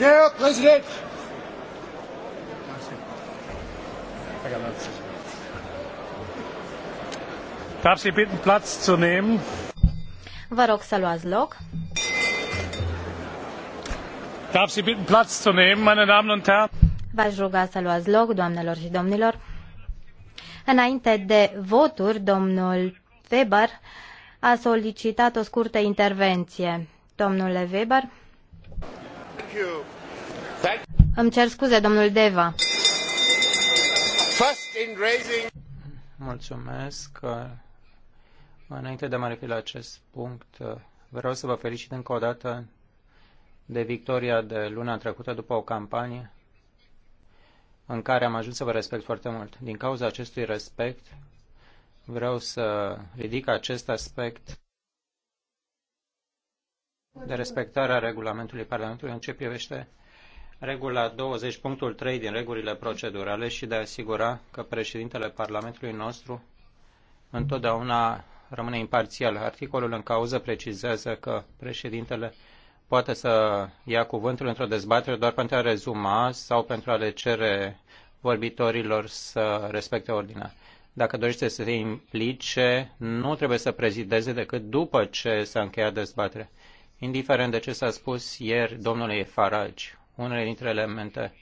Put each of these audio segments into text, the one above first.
Der Präsident! Darf Sie bitten, Platz zu nehmen? Vă rog să luați loc. Darf Sie bitten, Platz zu nehmen, meine Damen und Herren? V-aș ruga să luați loc, doamnelor și domnilor. Înainte de voturi, domnul Weber a solicitat o scurtă intervenție. Domnule Weber you. Thank Îmi cer scuze, domnul Deva. First in raising... Mulțumesc. Înainte de a mă la acest punct, vreau să vă felicit încă o dată de victoria de luna trecută după o campanie în care am ajuns să vă respect foarte mult. Din cauza acestui respect, vreau să ridic acest aspect de respectare a regulamentului Parlamentului în ce privește regula 20.3 din regulile procedurale și de a asigura că președintele Parlamentului nostru întotdeauna rămâne imparțial. Articolul în cauză precizează că președintele poate să ia cuvântul într-o dezbatere doar pentru a rezuma sau pentru a le cere vorbitorilor să respecte ordinea. Dacă dorește să se implice, nu trebuie să prezideze decât după ce s-a încheiat dezbaterea. Indiferent de ce s-a spus ieri domnului Farage, unele dintre elemente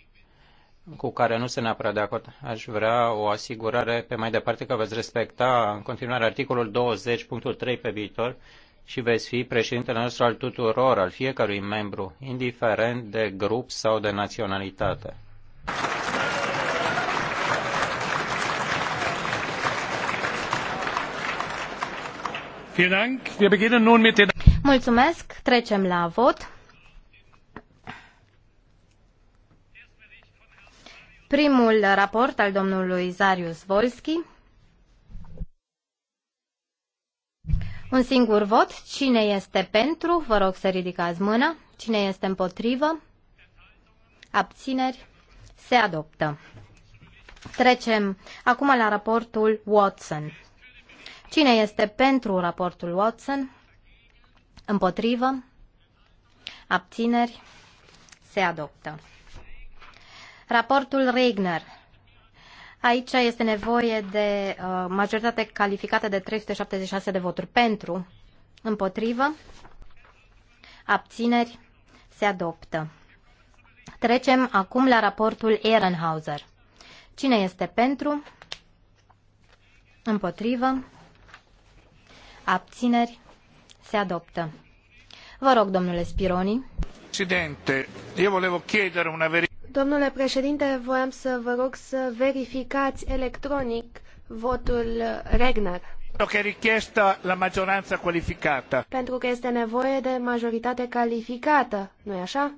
cu care nu se neapărat de acord. Aș vrea o asigurare pe mai departe că veți respecta în continuare articolul 20.3 pe viitor și veți fi președintele nostru al tuturor, al fiecărui membru, indiferent de grup sau de naționalitate. Vielen Dank. Wir beginnen nun mit den Mulțumesc. Trecem la vot. Primul raport al domnului Zarius Volski. Un singur vot. Cine este pentru? Vă rog să ridicați mâna. Cine este împotrivă? Abțineri? Se adoptă. Trecem acum la raportul Watson. Cine este pentru raportul Watson? Împotrivă? Abțineri? Se adoptă. Raportul Regner. Aici este nevoie de uh, majoritate calificată de 376 de voturi pentru, împotrivă, abțineri, se adoptă. Trecem acum la raportul Ehrenhauser. Cine este pentru, împotrivă, abțineri, se adoptă. Vă rog, domnule Spironi. Presidente, eu volevo chiedere una verificare. Domnule președinte, voiam să vă rog să verificați electronic votul Regner. Pentru că Pentru că este nevoie de majoritate calificată, nu-i așa?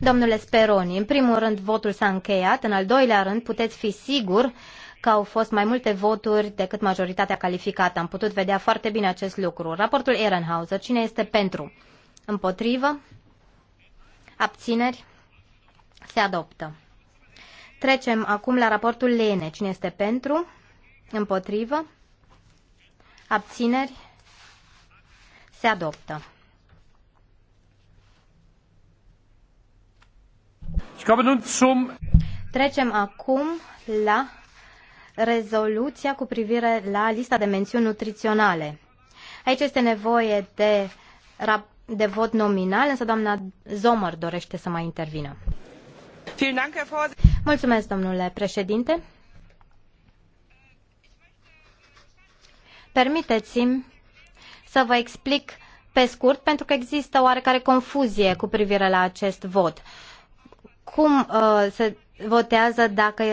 Domnule Speroni, în primul rând votul s-a încheiat, în al doilea rând puteți fi sigur că au fost mai multe voturi decât majoritatea calificată. Am putut vedea foarte bine acest lucru. Raportul Ehrenhauser, cine este pentru? Împotrivă? Abțineri? Se adoptă. Trecem acum la raportul Lene. Cine este pentru? Împotrivă? Abțineri? Se adoptă. Trecem acum la rezoluția cu privire la lista de mențiuni nutriționale. Aici este nevoie de, de vot nominal, însă doamna Zomăr dorește să mai intervină. Mulțumesc, domnule președinte. Permiteți-mi să vă explic pe scurt, pentru că există oarecare confuzie cu privire la acest vot. Cum uh, se votează dacă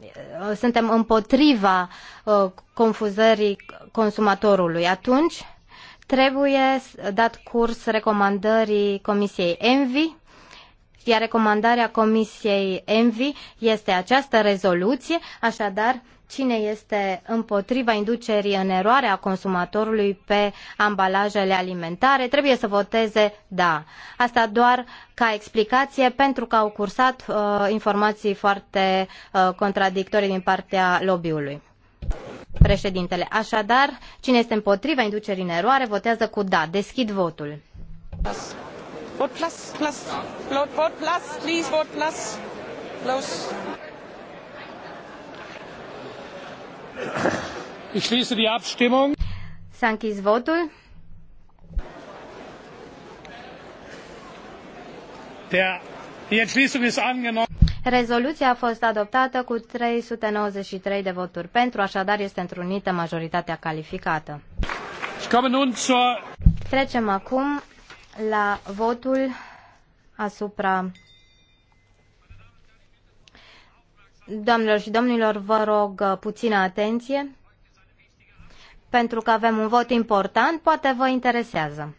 Eh, suntem împotriva eh, confuzării consumatorului, atunci trebuie dat curs recomandării Comisiei Envi iar recomandarea Comisiei ENVI este această rezoluție, așadar cine este împotriva inducerii în eroare a consumatorului pe ambalajele alimentare trebuie să voteze da. Asta doar ca explicație pentru că au cursat uh, informații foarte uh, contradictorii din partea lobby-ului. Președintele, așadar, cine este împotriva inducerii în eroare votează cu da. Deschid votul. Vote plus, plus. Vote, vote plus, please, vote plus. Close. Ich schließe die Abstimmung. Sankis votul. Der, die Entschließung ist angenommen. Rezoluția a fost adoptată cu 393 de voturi pentru, așadar este întrunită majoritatea calificată. Trecem acum la votul asupra Doamnelor și domnilor, vă rog uh, puțină atenție, pentru că avem un vot important, poate vă interesează.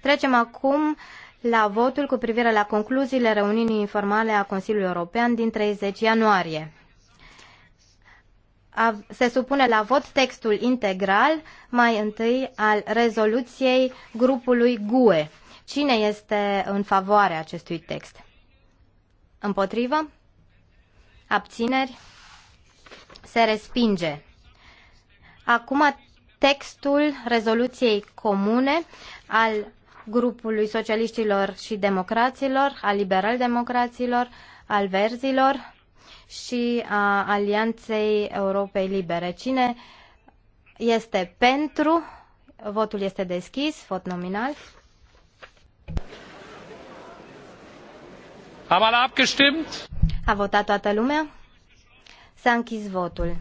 Trecem acum la votul cu privire la concluziile reuniunii informale a Consiliului European din 30 ianuarie se supune la vot textul integral, mai întâi al rezoluției grupului GUE. Cine este în favoarea acestui text? Împotrivă? Abțineri? Se respinge. Acum textul rezoluției comune al grupului socialiștilor și democraților, al liberal-democraților, al verzilor, și a Alianței Europei Libere. Cine este pentru? Votul este deschis, vot nominal. Am alle abgestimmt? A votat toată lumea? S-a închis votul.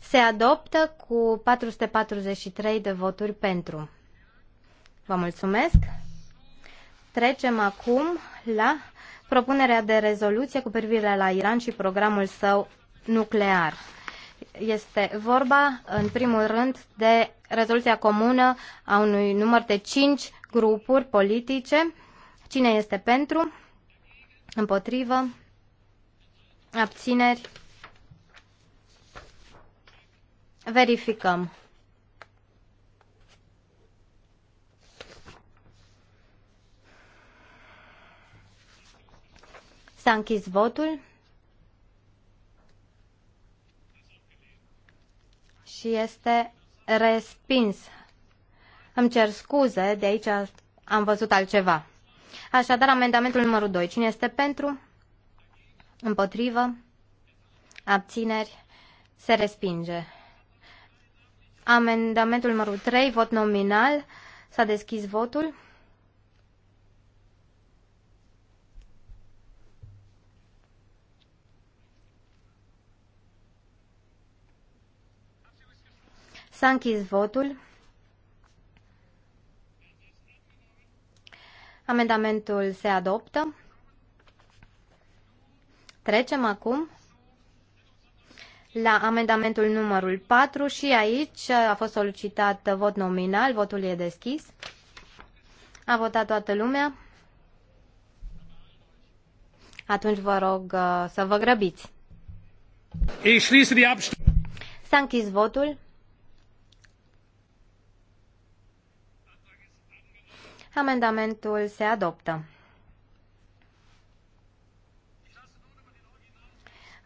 Se adoptă cu 443 de voturi pentru. Vă mulțumesc. Trecem acum la propunerea de rezoluție cu privire la Iran și programul său nuclear. Este vorba, în primul rând, de rezoluția comună a unui număr de cinci grupuri politice. Cine este pentru? Împotrivă? Abțineri? Verificăm. S-a închis votul. Și este respins. Îmi cer scuze, de aici am văzut altceva. Așadar, amendamentul numărul 2. Cine este pentru? Împotrivă? Abțineri? Se respinge. Amendamentul numărul 3, vot nominal. S-a deschis votul. S-a închis votul. Amendamentul se adoptă. Trecem acum la amendamentul numărul 4 și aici a fost solicitat vot nominal, votul e deschis. A votat toată lumea. Atunci vă rog uh, să vă grăbiți. S-a închis votul. Amendamentul se adoptă.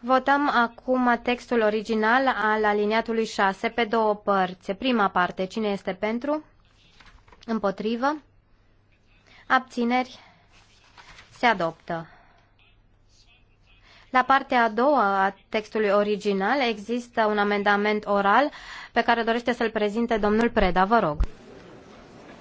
Votăm acum textul original al aliniatului 6 pe două părți. Prima parte, cine este pentru? Împotrivă? Abțineri? Se adoptă. La partea a doua a textului original există un amendament oral pe care dorește să-l prezinte domnul Preda. Vă rog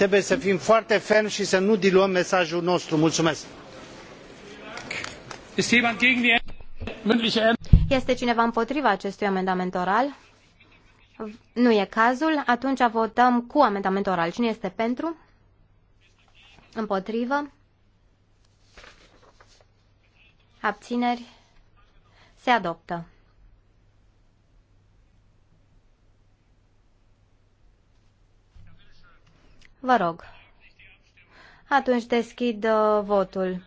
trebuie să fim foarte fermi i să nu diluăm mesajul nostru. Mulțumesc. Este cineva împotriva acestui amendament oral? Nu e cazul. Atunci votăm cu amendament oral. Cine este pentru? Împotrivă? Abțineri? Se adoptă. Vă rog. Atunci deschid uh, votul.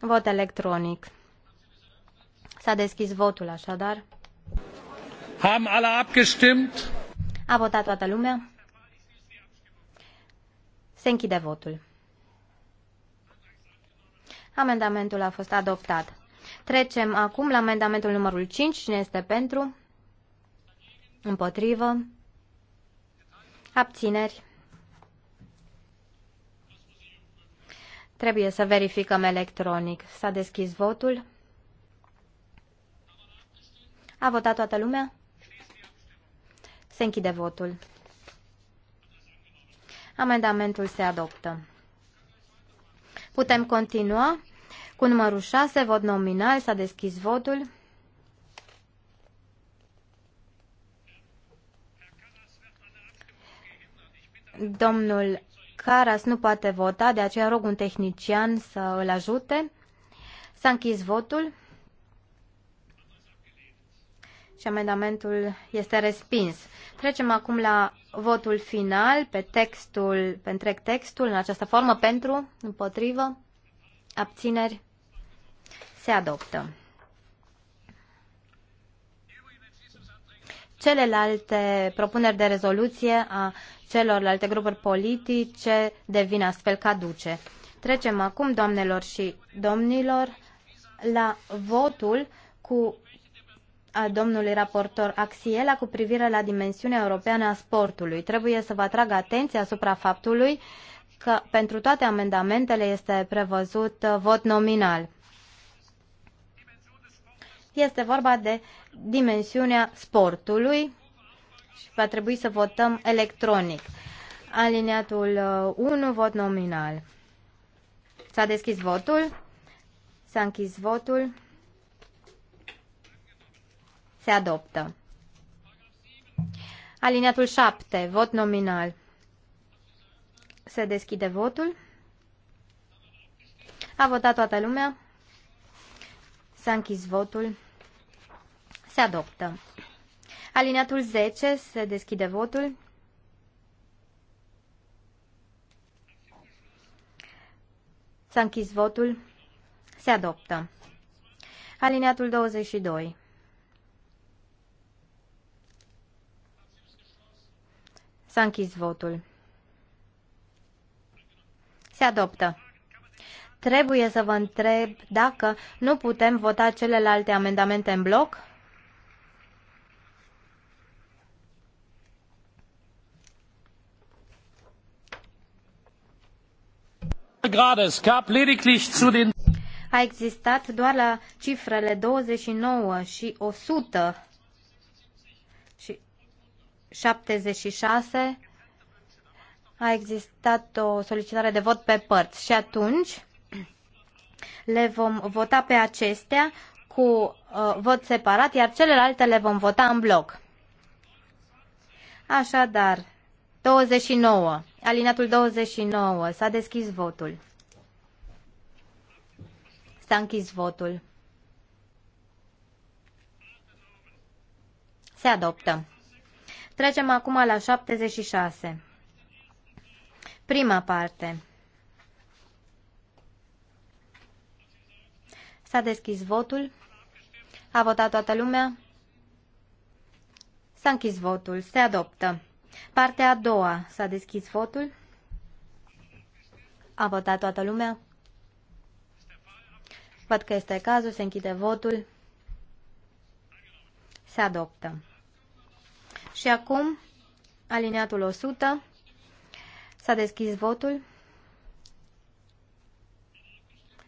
Vot electronic. S-a deschis votul așadar. Am alle abgestimmt? A votat toată lumea? Se închide votul. Amendamentul a fost adoptat. Trecem acum la amendamentul numărul 5. Cine este pentru? Împotrivă? Abțineri. Trebuie să verificăm electronic. S-a deschis votul. A votat toată lumea? Se închide votul. Amendamentul se adoptă. Putem continua cu numărul 6, vot nominal, s-a deschis votul. Domnul Caras nu poate vota, de aceea rog un tehnician să îl ajute. S-a închis votul și amendamentul este respins. Trecem acum la votul final pe textul, pe întreg textul, în această formă, pentru, împotrivă, abțineri, se adoptă. Celelalte propuneri de rezoluție a celorlalte grupuri politice devin astfel caduce. Trecem acum, doamnelor și domnilor, la votul cu a domnului raportor Axiela cu privire la dimensiunea europeană a sportului. Trebuie să vă atrag atenția asupra faptului că pentru toate amendamentele este prevăzut uh, vot nominal. Este vorba de dimensiunea sportului și va trebui să votăm electronic. Aliniatul 1, uh, vot nominal. S-a deschis votul. S-a închis votul. Se adoptă. Aliniatul 7, vot nominal. Se deschide votul. A votat toată lumea. S-a închis votul. Se adoptă. Alineatul 10 se deschide votul. S-a închis votul. Se adoptă. Alineatul 22. S-a închis votul. Se adoptă. Trebuie să vă întreb dacă nu putem vota celelalte amendamente în bloc? A existat doar la cifrele 29 și 100 și șase. a existat o solicitare de vot pe părți și atunci le vom vota pe acestea cu uh, vot separat, iar celelalte le vom vota în bloc. Așadar, 29. Alinatul 29. S-a deschis votul. S-a închis votul. Se adoptă. Trecem acum la 76. Prima parte. S-a deschis votul. A votat toată lumea. S-a închis votul. Se adoptă. Partea a doua. S-a deschis votul. A votat toată lumea. Văd că este cazul. Se închide votul. Se adoptă. Și acum, alineatul 100. S-a deschis votul.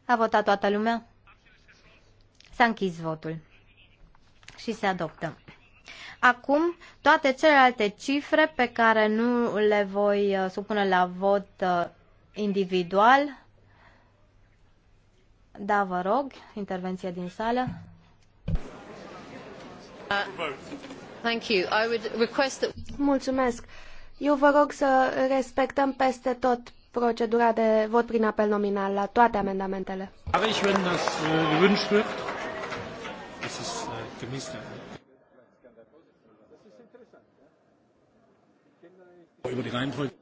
A votat toată lumea. S-a închis votul. Și se adoptă. Acum, toate celelalte cifre pe care nu le voi uh, supune la vot uh, individual. Da, vă rog, intervenția din sală. Mulțumesc. Eu vă rog să respectăm peste tot procedura de vot prin apel nominal la toate amendamentele. Das ist interessant. Ja? Über die Reihenfolge.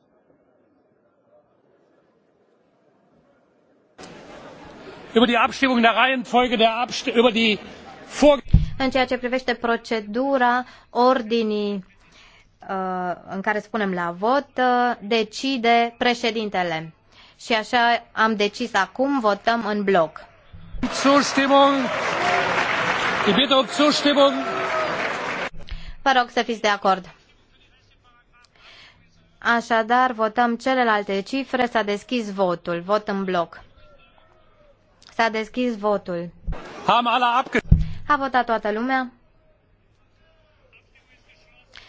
Über die Abstimmung der Reihenfolge der Abst über die Vor În ceea ce privește procedura ordinii uh, în care spunem la vot, uh, decide președintele. Și așa am decis acum, votăm în bloc. Zustimmung. Ich bitte um Zustimmung. Vă rog să fiți de acord. Așadar, votăm celelalte cifre. S-a deschis votul. Vot în bloc. S-a deschis votul. A votat toată lumea?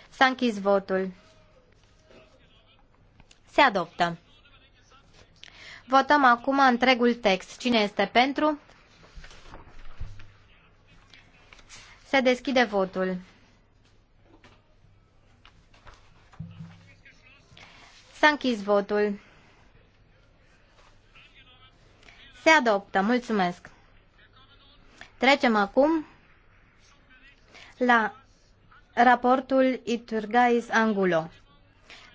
S-a închis votul. Se adoptă. Votăm acum întregul text. Cine este pentru? Se deschide votul. S-a închis votul. Se adoptă. Mulțumesc. Trecem acum la raportul Iturgais Angulo.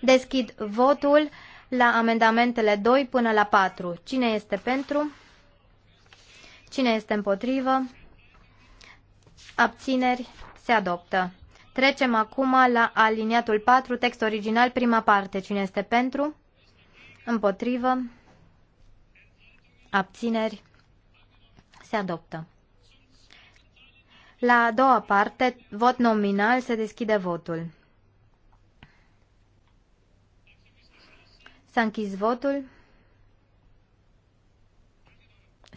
Deschid votul la amendamentele 2 până la 4. Cine este pentru? Cine este împotrivă? Abțineri? Se adoptă. Trecem acum la aliniatul 4, text original, prima parte. Cine este pentru? Împotrivă? Abțineri? Se adoptă. La a doua parte, vot nominal, se deschide votul. S-a închis votul.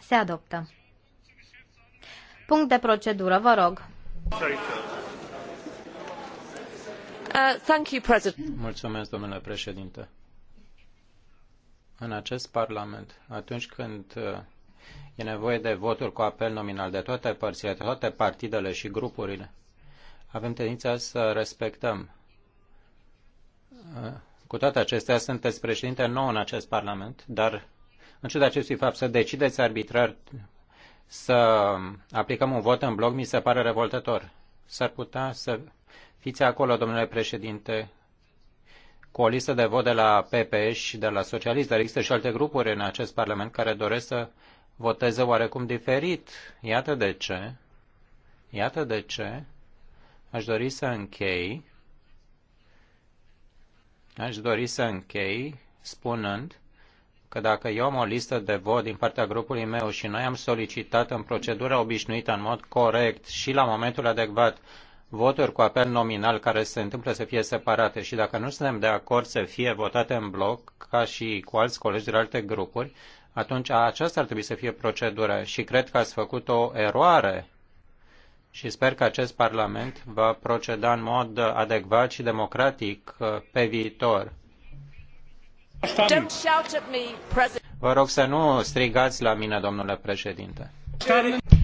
Se adoptă. Punct de procedură, vă rog. Sorry. Uh, Mulțumesc, domnule președinte. În acest Parlament, atunci când uh, e nevoie de voturi cu apel nominal de toate părțile, de toate partidele și grupurile, avem tendința să respectăm. Uh, cu toate acestea, sunteți președinte nou în acest Parlament, dar în ciuda acestui fapt, să decideți arbitrar să um, aplicăm un vot în bloc mi se pare revoltător. S-ar putea să Fiți acolo, domnule președinte, cu o listă de vot de la PPE și de la Socialist, dar există și alte grupuri în acest Parlament care doresc să voteze oarecum diferit. Iată de ce. Iată de ce. Aș dori să închei. Aș dori să închei spunând că dacă eu am o listă de vot din partea grupului meu și noi am solicitat în procedura obișnuită, în mod corect și la momentul adecvat, voturi cu apel nominal care se întâmplă să fie separate și dacă nu suntem de acord să fie votate în bloc, ca și cu alți colegi de alte grupuri, atunci aceasta ar trebui să fie procedura și cred că ați făcut o eroare și sper că acest Parlament va proceda în mod adecvat și democratic uh, pe viitor. Vă rog să nu strigați la mine, domnule președinte.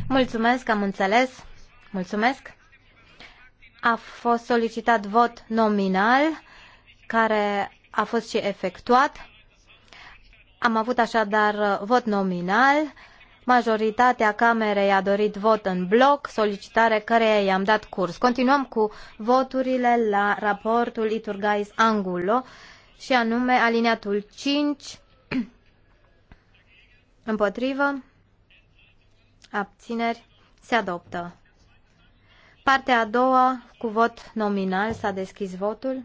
Mulțumesc, am înțeles. Mulțumesc a fost solicitat vot nominal, care a fost și efectuat. Am avut așadar vot nominal. Majoritatea Camerei a dorit vot în bloc, solicitare care i-am dat curs. Continuăm cu voturile la raportul Iturgais Angulo și anume aliniatul 5 împotrivă abțineri se adoptă. Partea a doua, cu vot nominal, s-a deschis votul.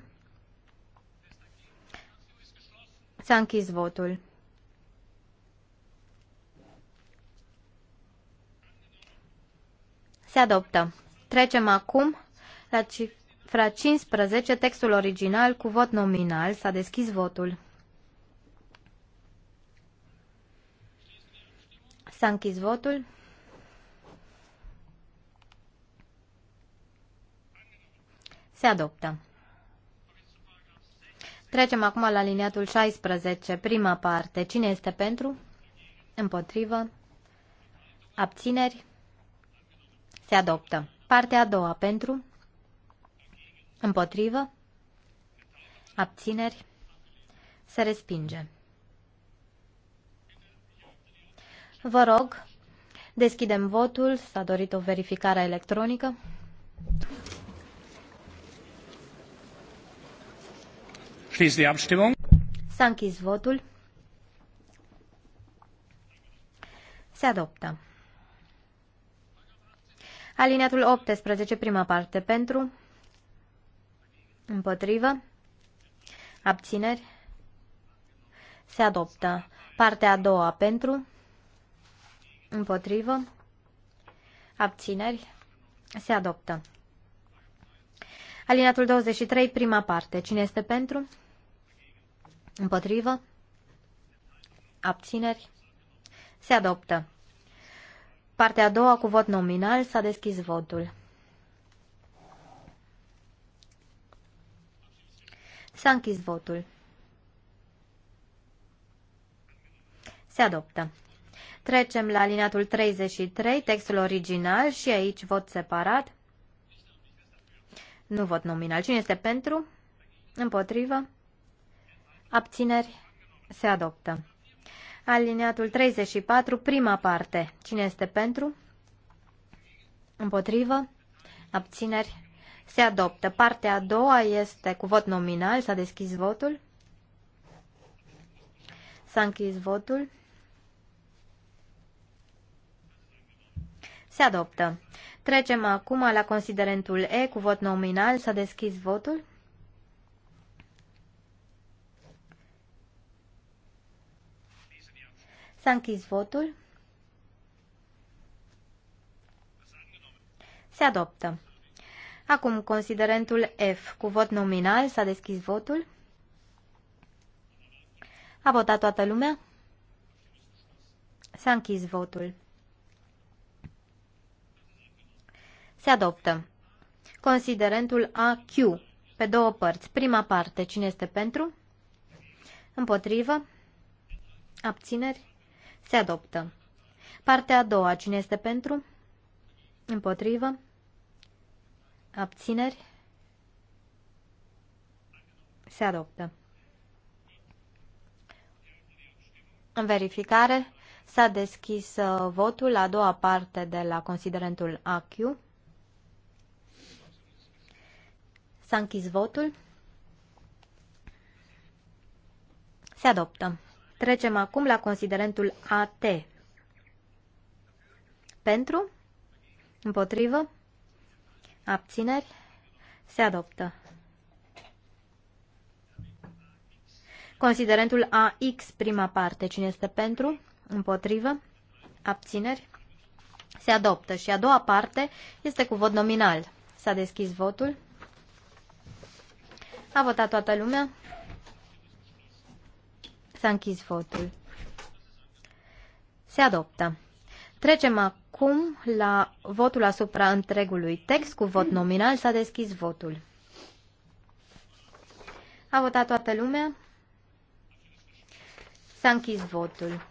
S-a închis votul. Se adoptă. Trecem acum la cifra 15, textul original cu vot nominal. S-a deschis votul. S-a închis votul. Se adoptă. Trecem acum la liniatul 16, prima parte. Cine este pentru? Împotrivă. Abțineri. Se adoptă. Partea a doua pentru. Împotrivă. Abțineri. Se respinge. Vă rog, deschidem votul. S-a dorit o verificare electronică. S-a închis votul. Se adoptă. Alineatul 18, prima parte, pentru, împotrivă, abțineri, se adoptă. Partea a doua, pentru, împotrivă, abțineri, se adoptă. Alineatul 23, prima parte, cine este pentru? Pentru. Împotrivă? Abțineri? Se adoptă. Partea a doua cu vot nominal s-a deschis votul. S-a închis votul. Se adoptă. Trecem la alineatul 33, textul original și aici vot separat. Nu vot nominal. Cine este pentru? Împotrivă? Abțineri. Se adoptă. Aliniatul 34, prima parte. Cine este pentru? Împotrivă? Abțineri? Se adoptă. Partea a doua este cu vot nominal. S-a deschis votul. S-a închis votul. Se adoptă. Trecem acum la considerentul E cu vot nominal. S-a deschis votul. S-a închis votul. Se adoptă. Acum, considerentul F. Cu vot nominal s-a deschis votul. A votat toată lumea? S-a închis votul. Se adoptă. Considerentul AQ. Pe două părți. Prima parte. Cine este pentru? Împotrivă? Abțineri? Se adoptă. Partea a doua. Cine este pentru? Împotrivă. Abțineri. Se adoptă. În verificare s-a deschis uh, votul la a doua parte de la considerentul AQ. S-a închis votul. Se adoptă. Trecem acum la considerentul AT. Pentru? Împotrivă? Abțineri? Se adoptă. Considerentul AX, prima parte, cine este pentru? Împotrivă? Abțineri? Se adoptă. Și a doua parte este cu vot nominal. S-a deschis votul. A votat toată lumea. S-a închis votul. Se adoptă. Trecem acum la votul asupra întregului text cu vot nominal. S-a deschis votul. A votat toată lumea? S-a închis votul.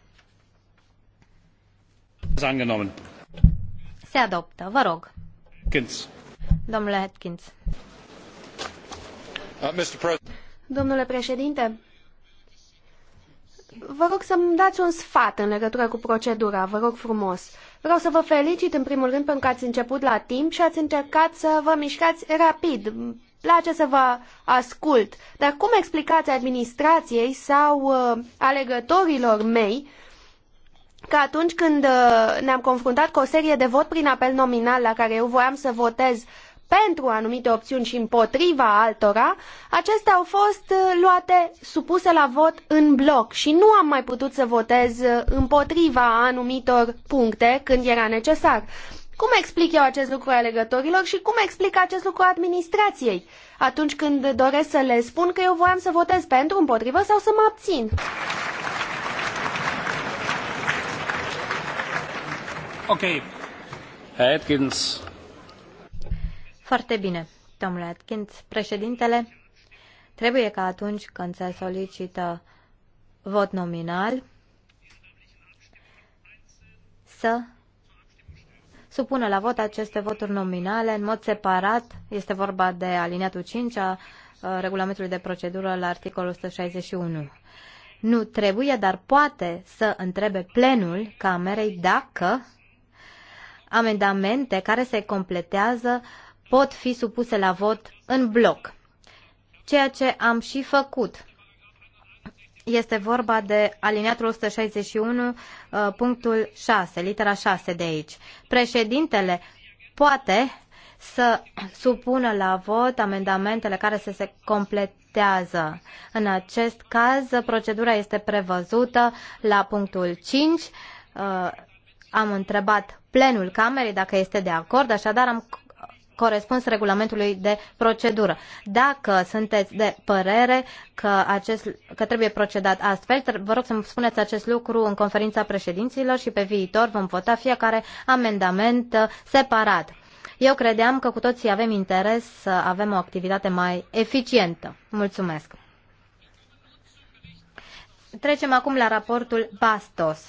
Se adoptă. Vă rog. Atkins. Domnule Atkins. Uh, Domnule președinte, Vă rog să-mi dați un sfat în legătură cu procedura, vă rog frumos. Vreau să vă felicit în primul rând pentru că ați început la timp și ați încercat să vă mișcați rapid. Place să vă ascult, dar cum explicați administrației sau uh, alegătorilor mei că atunci când uh, ne-am confruntat cu o serie de vot prin apel nominal la care eu voiam să votez, uh, pentru anumite opțiuni și împotriva altora, acestea au fost uh, luate, supuse la vot în bloc și nu am mai putut să votez uh, împotriva anumitor puncte când era necesar. Cum explic eu acest lucru alegătorilor și cum explic acest lucru administrației atunci când doresc să le spun că eu voiam să votez pentru, împotrivă sau să mă abțin? Ok. Atkins, foarte bine, domnule Atkins. Președintele, trebuie ca atunci când se solicită vot nominal să supună la vot aceste voturi nominale în mod separat. Este vorba de aliniatul 5 a regulamentului de procedură la articolul 161. Nu trebuie, dar poate să întrebe plenul Camerei dacă amendamente care se completează uh, pot fi supuse la vot în bloc, ceea ce am și făcut. Este vorba de aliniatul 161, uh, punctul 6, litera 6 de aici. Președintele poate să supună la vot amendamentele care să se completează. În acest caz, procedura este prevăzută la punctul 5. Uh, am întrebat plenul Camerei dacă este de acord, așadar am corespuns regulamentului de procedură. Dacă sunteți de părere că, acest, că trebuie procedat astfel, vă rog să-mi spuneți acest lucru în conferința președinților și pe viitor vom vota fiecare amendament uh, separat. Eu credeam că cu toții avem interes să avem o activitate mai eficientă. Mulțumesc! Trecem acum la raportul Bastos.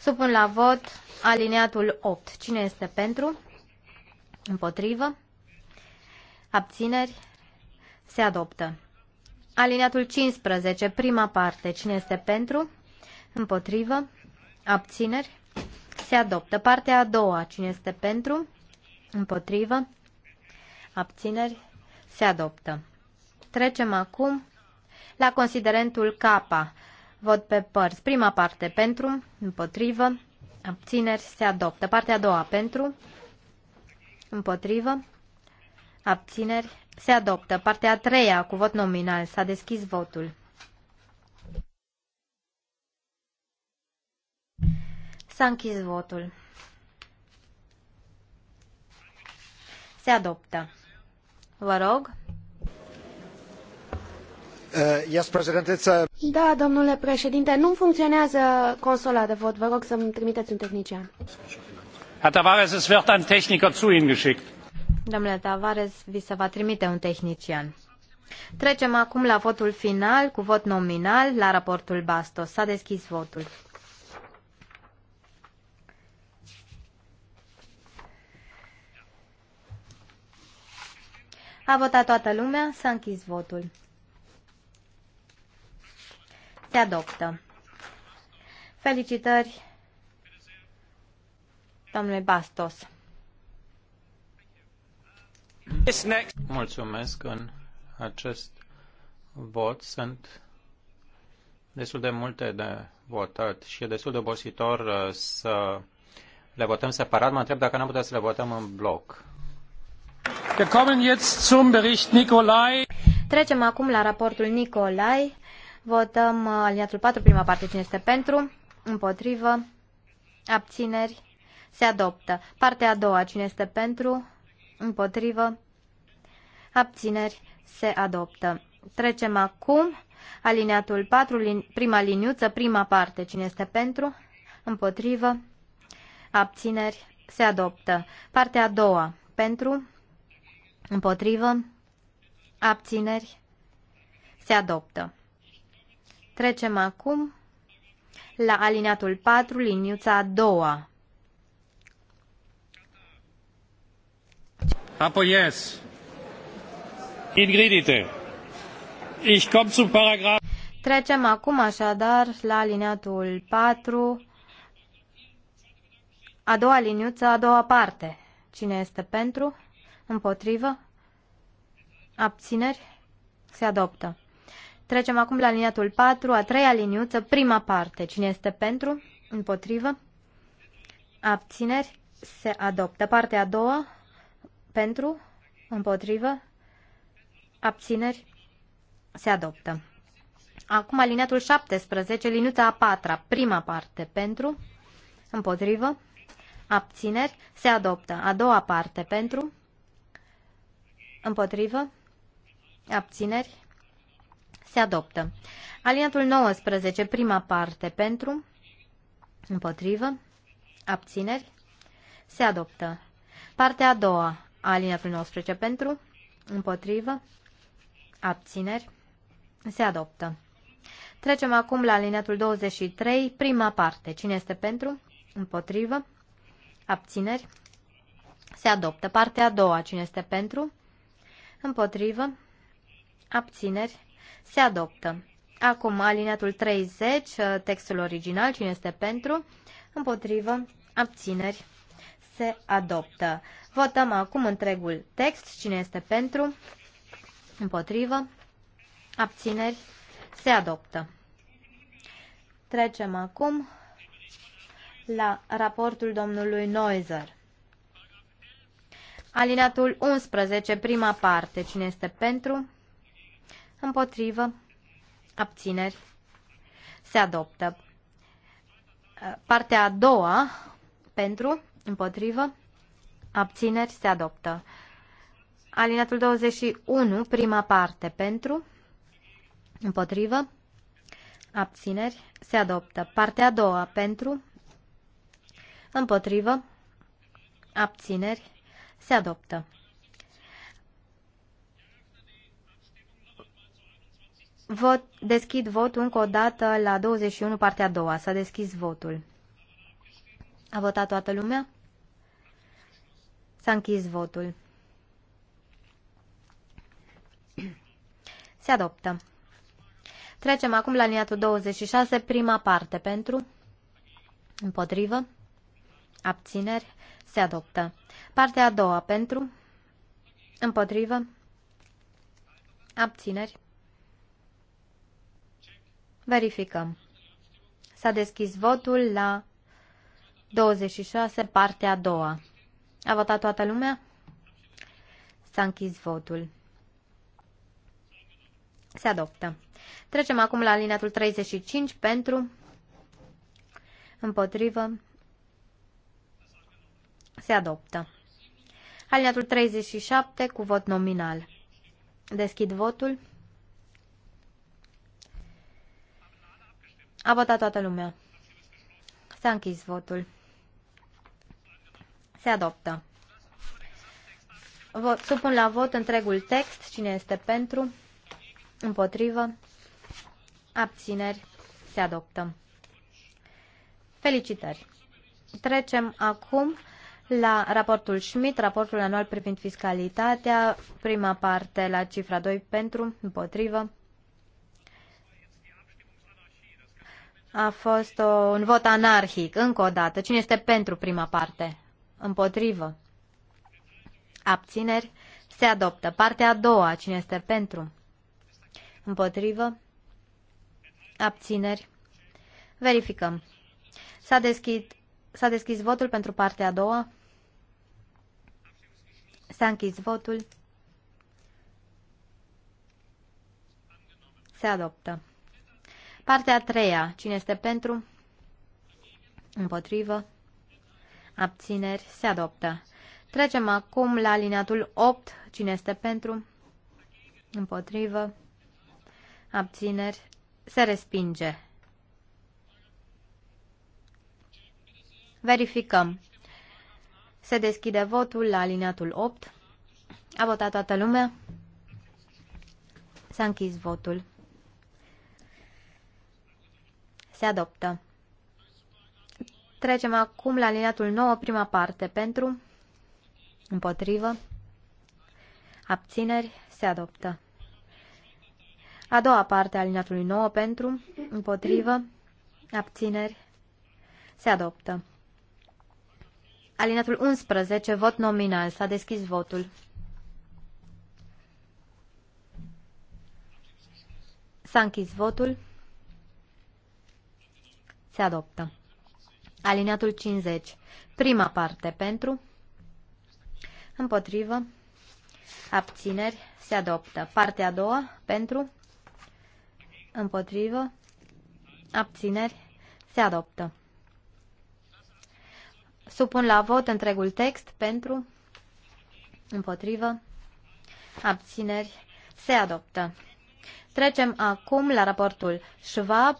Supun la vot aliniatul 8. Cine este pentru? Împotrivă? Abțineri? Se adoptă. Aliniatul 15, prima parte. Cine este pentru? Împotrivă? Abțineri? Se adoptă. Partea a doua. Cine este pentru? Împotrivă? Abțineri? Se adoptă. Trecem acum la considerentul K. Vot pe părți. Prima parte pentru, împotrivă, abțineri, se adoptă. Partea a doua pentru, împotrivă, abțineri, se adoptă. Partea a treia, cu vot nominal, s-a deschis votul. S-a închis votul. Se adoptă. Vă rog. Uh, da, domnule președinte, nu funcționează consola de vot. Vă rog să-mi trimiteți un tehnician. Herr Tavares, es wird ein Techniker zu Ihnen geschickt. Domnule Tavares, vi se va trimite un tehnician. Trecem acum la votul final, cu vot nominal, la raportul Bastos. S-a deschis votul. A votat toată lumea, s-a închis votul. Se adoptă. Felicitări, domnule Bastos. Mulțumesc. În acest vot sunt destul de multe de votat și e destul de obositor uh, să le votăm separat. Mă întreb dacă n-am putea să le votăm în bloc. Trecem acum la raportul Nicolai. Votăm uh, aliniatul 4, prima parte, cine este pentru, împotrivă, abțineri, se adoptă. Partea a doua, cine este pentru, împotrivă, abțineri, se adoptă. Trecem acum, alineatul 4, prima liniuță, prima parte, cine este pentru, împotrivă, abțineri, se adoptă. Partea a doua, pentru, împotrivă, abțineri, se adoptă. Trecem acum la alineatul 4, liniuța a doua, Apoyes. Ingridite. Ich komme Trecem acum așadar la alineatul 4, a doua liniuță, a doua parte. Cine este pentru? Împotrivă? Abțineri? Se adoptă. Trecem acum la liniatul 4, a treia liniuță, prima parte. Cine este pentru? Împotrivă? Abțineri? Se adoptă. Partea a doua? Pentru, împotrivă, abțineri, se adoptă. Acum alineatul 17, liniuța a patra, prima parte, pentru, împotrivă, abțineri, se adoptă. A doua parte, pentru, împotrivă, abțineri, se adoptă. Alineatul 19, prima parte, pentru, împotrivă, abțineri, se adoptă. Partea a doua, prin 19 pentru, împotrivă, abțineri, se adoptă. Trecem acum la alinatul 23, prima parte. Cine este pentru? Împotrivă. Abțineri. Se adoptă. Partea a doua. Cine este pentru? Împotrivă. Abțineri. Se adoptă. Acum alinatul 30, textul original. Cine este pentru? Împotrivă. Abțineri se adoptă. Votăm acum întregul text. Cine este pentru? Împotrivă? Abțineri? Se adoptă. Trecem acum la raportul domnului Noizer. Alinatul 11, prima parte. Cine este pentru? Împotrivă? Abțineri? Se adoptă. Partea a doua, pentru? Împotrivă? Abțineri se adoptă. Alinatul 21, prima parte, pentru? Împotrivă? Abțineri se adoptă. Partea a doua, pentru? Împotrivă? Abțineri se adoptă. Vot, deschid votul încă o dată la 21, partea a doua. S-a deschis votul. A votat toată lumea? S-a închis votul. Se adoptă. Trecem acum la liniatul 26, prima parte pentru, împotrivă, abțineri, se adoptă. Partea a doua pentru, împotrivă, abțineri. Verificăm. S-a deschis votul la 26, partea a doua. A votat toată lumea? S-a închis votul. Se adoptă. Trecem acum la alineatul 35 pentru împotrivă se adoptă. Alineatul 37 cu vot nominal. Deschid votul. A votat toată lumea. S-a închis votul. Se adoptă. Vot, supun la vot întregul text. Cine este pentru? Împotrivă? Abțineri? Se adoptă. Felicitări! Trecem acum la raportul Schmidt, raportul anual privind fiscalitatea, prima parte la cifra 2 pentru, împotrivă. A fost o, un vot anarhic, încă o dată. Cine este pentru prima parte? Împotrivă. Abțineri. Se adoptă. Partea a doua. Cine este pentru? Împotrivă. Abțineri. Verificăm. S-a deschis, s-a deschis votul pentru partea a doua. S-a închis votul. Se adoptă. Partea a treia. Cine este pentru? Împotrivă abțineri, se adoptă. Trecem acum la alineatul 8. Cine este pentru? Împotrivă. Abțineri. Se respinge. Verificăm. Se deschide votul la alineatul 8. A votat toată lumea. S-a închis votul. Se adoptă. Trecem acum la liniatul 9, prima parte. Pentru, împotrivă, abțineri, se adoptă. A doua parte a liniatului 9, pentru, împotrivă, abțineri, se adoptă. Alinatul 11, vot nominal. S-a deschis votul. S-a închis votul. Se adoptă. Alineatul 50. Prima parte pentru. Împotrivă. Abțineri. Se adoptă. Partea a doua pentru. Împotrivă. Abțineri. Se adoptă. Supun la vot întregul text pentru. Împotrivă. Abțineri. Se adoptă. Trecem acum la raportul Schwab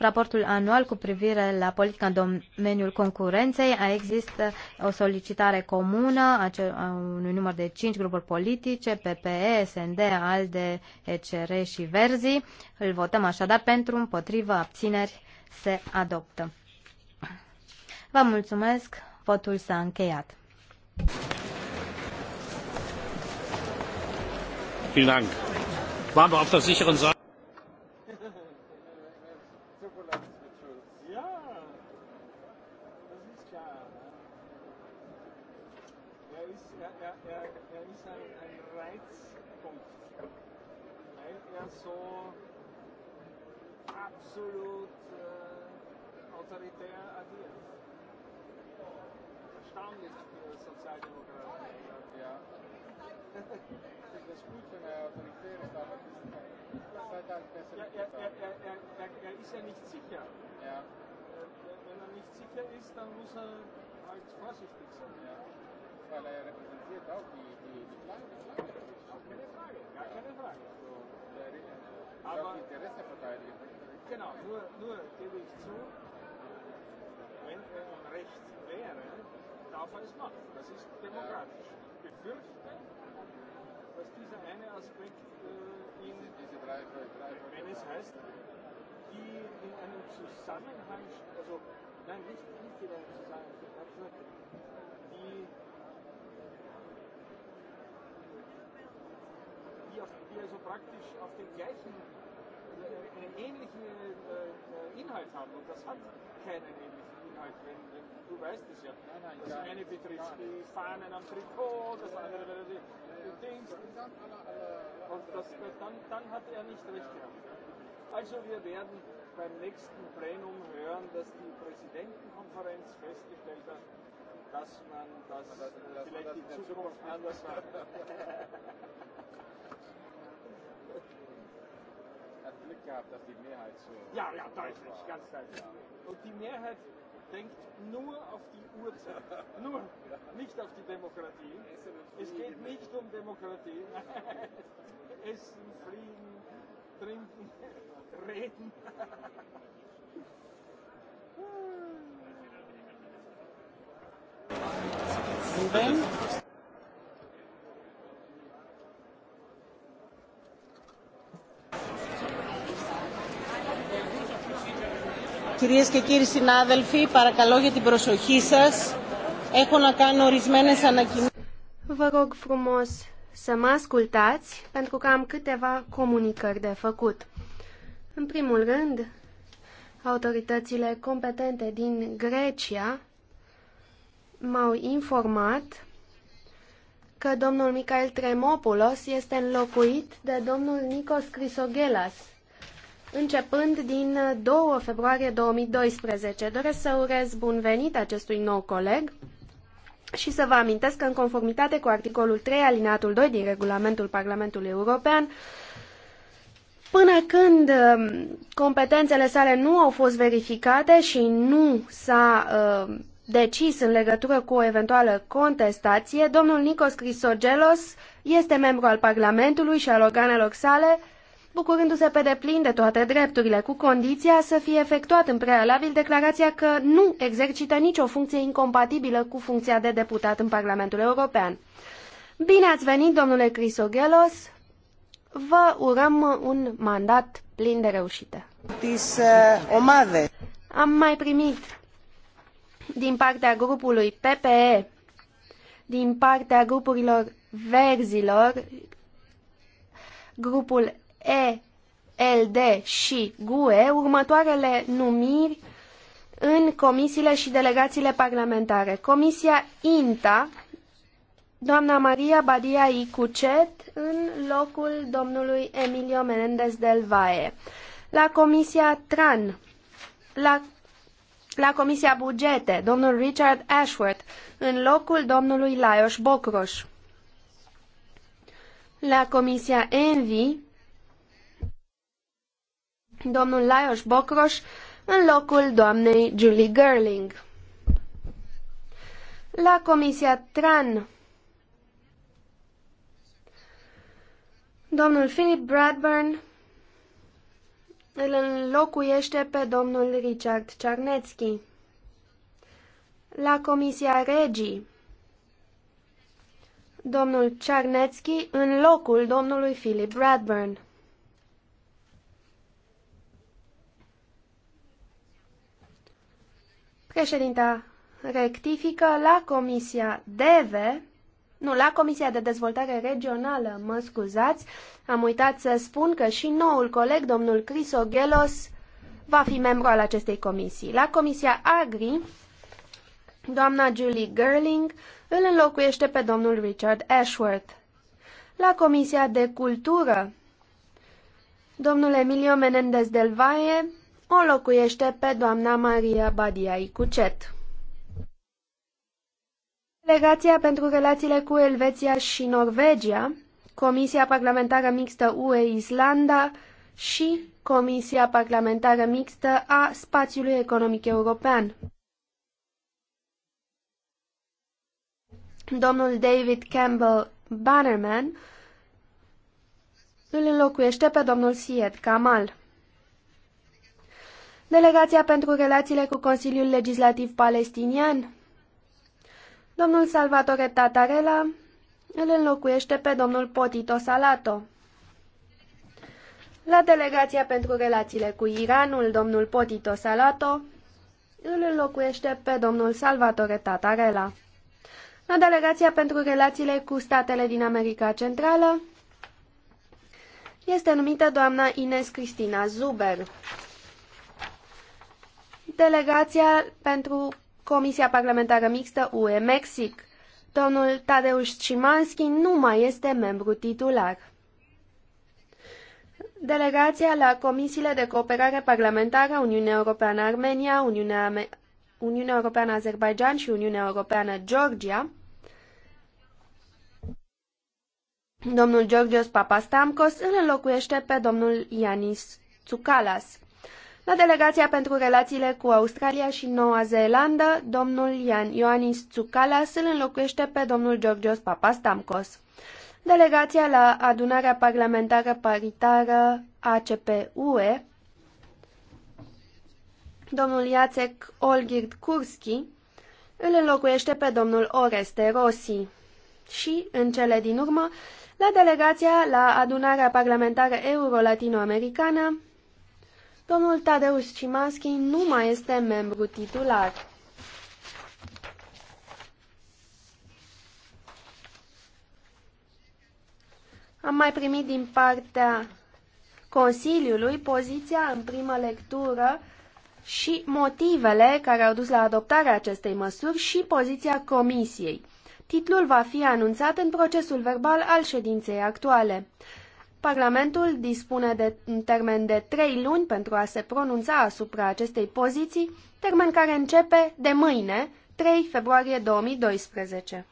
raportul anual cu privire la politica în domeniul concurenței există o solicitare comună a unui număr de cinci grupuri politice, PPE, SND, ALDE, ECR și Verzi. Îl votăm așadar pentru, împotrivă, abțineri, se adoptă. Vă mulțumesc, votul s-a încheiat. Vielen Dank. Waren wir auf der sicheren Seite? Aber Interesse verteidigen. Genau, nur, nur gebe ich zu, wenn er im Recht wäre, darf er es machen. Das ist demokratisch. Ich befürchte, dass dieser eine Aspekt äh, in, diese, diese drei, drei, drei, wenn es heißt, die in einem Zusammenhang, also nein, nicht, nicht in einem Zusammenhang, die die, auf, die also praktisch auf den gleichen, äh, einen ähnlichen äh, äh, Inhalt haben. Und das hat keinen ähnlichen Inhalt, wenn, wenn du weißt es ja. Nein, nein, das eine betrifft die Fahnen am Trikot, das andere die, die Dings. Und das, dann, dann hat er nicht recht gehabt. Also wir werden beim nächsten Plenum hören, dass die Präsidentenkonferenz festgestellt hat, dass man das, dass, dass vielleicht man das äh, in Zukunft anders macht. Glück gehabt, dass die Mehrheit so. Ja, ja, deutlich, da ganz deutlich. Und die Mehrheit denkt nur auf die Uhrzeit, nur, nicht auf die Demokratie. Es geht nicht um Demokratie. Essen, Frieden, Trinken, Reden. Ruben? Κυρίες και κύριοι συνάδελφοι, παρακαλώ για την προσοχή σας. Έχω να κάνω ορισμένες ανακοινώσεις. Vă rog frumos să mă ascultați, pentru că am câteva comunicări de făcut. În primul rând, autoritățile competente din Grecia m-au informat că domnul Michael Tremopoulos este înlocuit de domnul Nikos Chrysogelas, începând din 2 februarie 2012. Doresc să urez bun venit acestui nou coleg și să vă amintesc că în conformitate cu articolul 3 alineatul 2 din regulamentul Parlamentului European, Până când um, competențele sale nu au fost verificate și nu s-a uh, decis în legătură cu o eventuală contestație, domnul Nicos Crisogelos este membru al Parlamentului și al organelor sale bucurându-se pe deplin de toate drepturile, cu condiția să fie efectuat în prealabil declarația că nu exercită nicio funcție incompatibilă cu funcția de deputat în Parlamentul European. Bine ați venit, domnule Crisogelos! Vă urăm un mandat plin de reușite. Eh, Am mai primit din partea grupului PPE, din partea grupurilor verzilor, grupul ELD și GUE următoarele numiri în comisiile și delegațiile parlamentare. Comisia INTA, doamna Maria Badia Icucet, în locul domnului Emilio Menendez del Vae. La Comisia TRAN, la, la Comisia Bugete, domnul Richard Ashworth, în locul domnului Laios Bocroș. La Comisia ENVI, domnul Lajos Bokros în locul doamnei Julie Gerling. La Comisia TRAN Domnul Philip Bradburn îl înlocuiește pe domnul Richard Czarnecki. La Comisia Regii, domnul Czarnecki în locul domnului Philip Bradburn. Președinta rectifică la Comisia DEVE, nu, la Comisia de Dezvoltare Regională, mă scuzați, am uitat să spun că și noul coleg, domnul Crisogelos, va fi membru al acestei comisii. La Comisia Agri, doamna Julie Gerling îl înlocuiește pe domnul Richard Ashworth. La Comisia de Cultură, domnul Emilio Menendez del Valle o locuiește pe doamna Maria Badiai Cucet. Delegația pentru relațiile cu Elveția și Norvegia, Comisia Parlamentară Mixtă UE-Islanda și Comisia Parlamentară Mixtă a Spațiului Economic European. Domnul David Campbell Bannerman îl înlocuiește pe domnul Sied Kamal. Delegația pentru relațiile cu Consiliul Legislativ Palestinian. Domnul Salvatore Tatarela îl înlocuiește pe domnul Potito Salato. La delegația pentru relațiile cu Iranul, domnul Potito Salato îl înlocuiește pe domnul Salvatore Tatarela. La delegația pentru relațiile cu statele din America Centrală este numită doamna Ines Cristina Zuber delegația pentru Comisia Parlamentară Mixtă UE-Mexic. Domnul Tadeusz Cimanski nu mai este membru titular. Delegația la Comisiile de Cooperare Parlamentară Uniunea Europeană-Armenia, Uniunea, Uniunea Europeană-Azerbaidjan și Uniunea Europeană-Georgia Domnul Georgios Papastamkos îl înlocuiește pe domnul Ianis Tsukalas la Delegația pentru Relațiile cu Australia și Noua Zeelandă, domnul Ian Ioannis Tsoukalas îl înlocuiește pe domnul Georgios Papastamkos. Delegația la adunarea parlamentară paritară ACPUE, domnul Jacek Olgird Kurski, îl înlocuiește pe domnul Oreste Rossi. Și, în cele din urmă, la delegația la adunarea parlamentară euro-latinoamericană, Domnul Tadeusz Cimaschi nu mai este membru titular. Am mai primit din partea Consiliului poziția în primă lectură și motivele care au dus la adoptarea acestei măsuri și poziția Comisiei. Titlul va fi anunțat în procesul verbal al ședinței actuale. Parlamentul dispune de un termen de trei luni pentru a se pronunța asupra acestei poziții, termen care începe de mâine, 3 februarie 2012.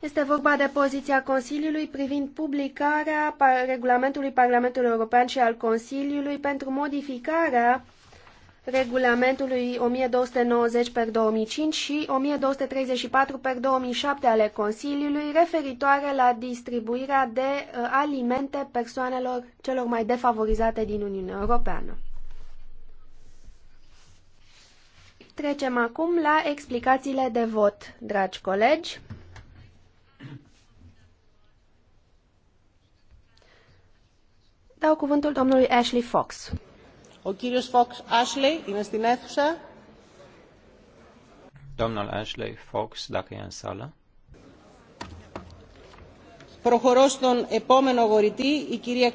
Este vorba de poziția Consiliului privind publicarea regulamentului Parlamentului European și al Consiliului pentru modificarea regulamentului 1290 per 2005 și 1234 per 2007 ale Consiliului referitoare la distribuirea de uh, alimente persoanelor celor mai defavorizate din Uniunea Europeană. Trecem acum la explicațiile de vot, dragi colegi. Dau cuvântul domnului Ashley Fox. Ο κύριος Fox Ashley είναι στην αίθουσα. Domnul Ashley Fox, dacă e în sală. Προχωρώ στον επόμενο αγορητή, η κυρία